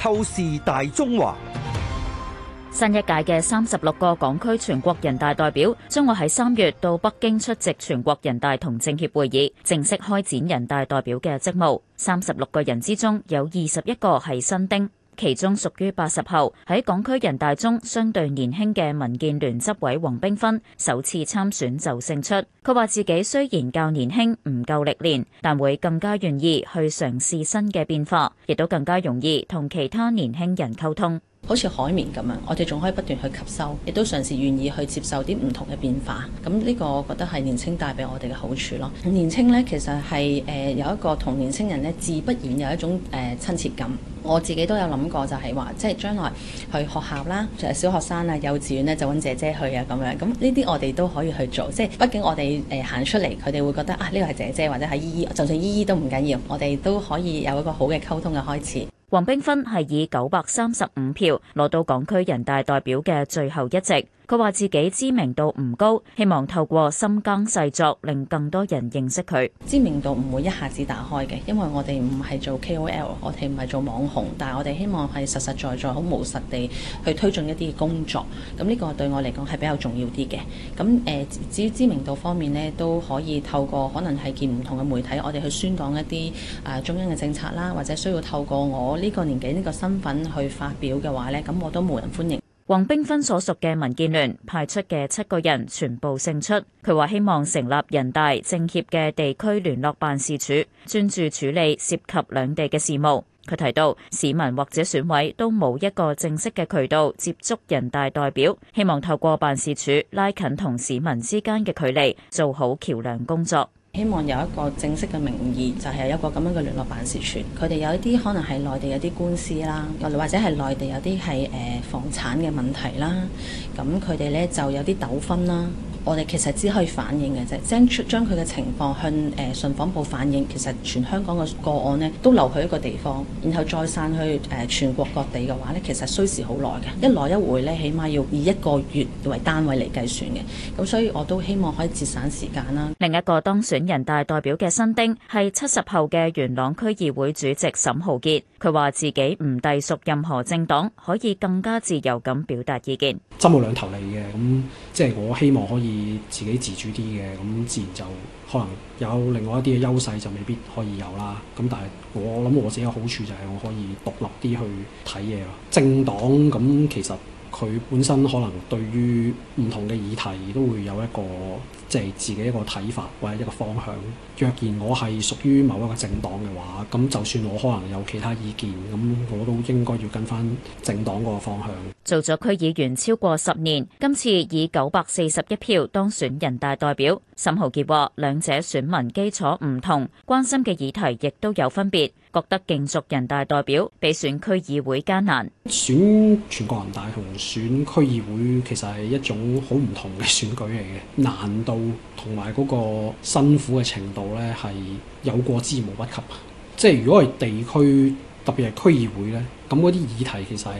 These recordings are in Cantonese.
透視大中華，新一屆嘅三十六個港區全國人大代表將會喺三月到北京出席全國人大同政協會議，正式開展人大代表嘅職務。三十六個人之中，有二十一個係新丁。其中屬於八十後喺港區人大中相對年輕嘅民建聯執委黃冰芬，首次參選就勝出。佢話自己雖然較年輕，唔夠歷練，但會更加願意去嘗試新嘅變化，亦都更加容易同其他年輕人溝通。好似海綿咁樣，我哋仲可以不斷去吸收，亦都嘗試願意去接受啲唔同嘅變化。咁呢個我覺得係年青帶俾我哋嘅好處咯。年青呢，其實係誒有一個同年青人呢，自不然有一種誒、呃、親切感。我自己都有諗過就，就係話即係將來去學校啦，就係小學生啊、幼稚園呢，就搵姐姐去啊咁樣。咁呢啲我哋都可以去做，即係畢竟我哋誒行出嚟，佢哋會覺得啊呢個係姐姐或者係姨姨，就算姨姨都唔緊要，我哋都可以有一個好嘅溝通嘅開始。黃冰芬係以九百三十五票攞到港區人大代表嘅最後一席。佢話自己知名度唔高，希望透過深耕細作，令更多人認識佢。知名度唔會一下子打開嘅，因為我哋唔係做 KOL，我哋唔係做網紅，但係我哋希望係實實在在、好務實地去推進一啲工作。咁呢個對我嚟講係比較重要啲嘅。咁誒至於知名度方面咧，都可以透過可能係見唔同嘅媒體，我哋去宣講一啲誒中央嘅政策啦，或者需要透過我呢個年紀呢個身份去發表嘅話咧，咁我都冇人歡迎。黃冰芬所屬嘅民建聯派出嘅七個人全部勝出。佢話希望成立人大政協嘅地區聯絡辦事處，專注處理涉及兩地嘅事務。佢提到市民或者選委都冇一個正式嘅渠道接觸人大代表，希望透過辦事處拉近同市民之間嘅距離，做好橋樑工作。希望有一個正式嘅名義，就係、是、有一個咁樣嘅聯絡辦事處。佢哋有一啲可能係內地有啲官司啦，或者係內地有啲係誒房產嘅問題啦。咁佢哋呢就有啲糾紛啦。我哋其實只可以反映嘅啫，將佢嘅情況向誒順訪部反映。其實全香港嘅個案咧都留喺一個地方，然後再散去誒、呃、全國各地嘅話呢其實需時好耐嘅，一來一回呢，起碼要以一個月為單位嚟計算嘅。咁所以我都希望可以節省時間啦。另一個當選人大代表嘅新丁係七十後嘅元朗區議會主席沈豪傑，佢話自己唔隸屬任何政黨，可以更加自由咁表達意見。針冇兩頭利嘅，咁即係我希望可以。自己自主啲嘅，咁自然就可能有另外一啲嘅優勢，就未必可以有啦。咁但係我諗我自己嘅好處就係我可以獨立啲去睇嘢咯。政黨咁其實。佢本身可能對於唔同嘅議題都會有一個即係、就是、自己一個睇法或者一個方向。若然我係屬於某一個政黨嘅話，咁就算我可能有其他意見，咁我都應該要跟翻政黨嗰個方向。做咗區議員超過十年，今次以九百四十一票當選人大代表。沈豪傑話兩者選民基礎唔同，關心嘅議題亦都有分別。覺得競逐人大代表比選區議會艱難，選全國人大同選區議會其實係一種好唔同嘅選舉嚟嘅，難度同埋嗰個辛苦嘅程度咧係有過之無不及。即係如果係地區特別係區議會咧，咁嗰啲議題其實係，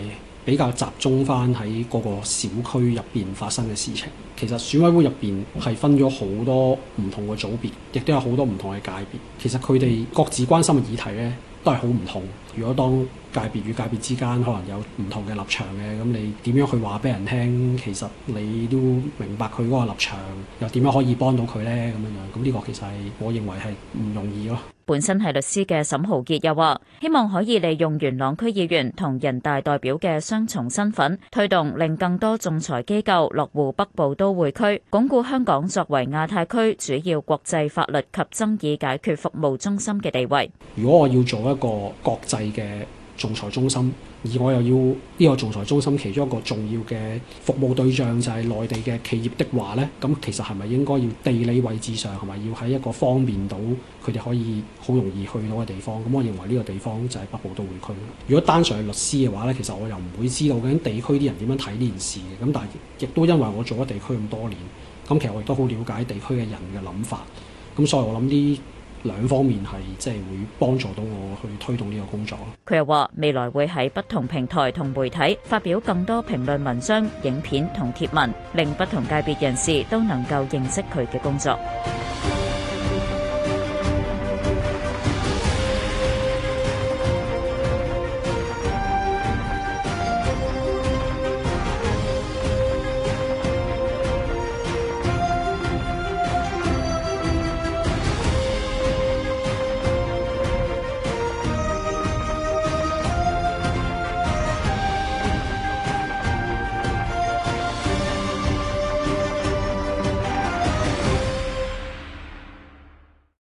比較集中翻喺嗰個小區入邊發生嘅事情，其實選委會入邊係分咗好多唔同嘅組別，亦都有好多唔同嘅界別。其實佢哋各自關心嘅議題呢，都係好唔同。如果當界別與界別之間，可能有唔同嘅立場嘅。咁你點樣去話俾人聽？其實你都明白佢嗰個立場，又點樣可以幫到佢呢？咁樣樣咁呢個其實係我認為係唔容易咯。本身係律師嘅沈豪傑又話：希望可以利用元朗區議員同人大代表嘅雙重身份，推動令更多仲裁機構落戶北部都會區，鞏固香港作為亞太區主要國際法律及爭議解決服務中心嘅地位。如果我要做一個國際嘅，仲裁中心，而我又要呢個仲裁中心其中一個重要嘅服務對象就係內地嘅企業的話咧，咁其實，係咪應該要地理位置上係咪要喺一個方便到佢哋可以好容易去到嘅地方？咁我認為呢個地方就係北部都會區，如果單純係律師嘅話咧，其實，我又唔會知道究竟地區啲人點樣睇呢件事嘅。咁但係亦都因為我做咗地區咁多年，咁其實，我亦都好了解地區嘅人嘅諗法。咁所以我諗啲。兩方面係即係會幫助到我去推動呢個工作。佢又話，未來會喺不同平台同媒體發表更多評論文章、影片同貼文，令不同界別人士都能夠認識佢嘅工作。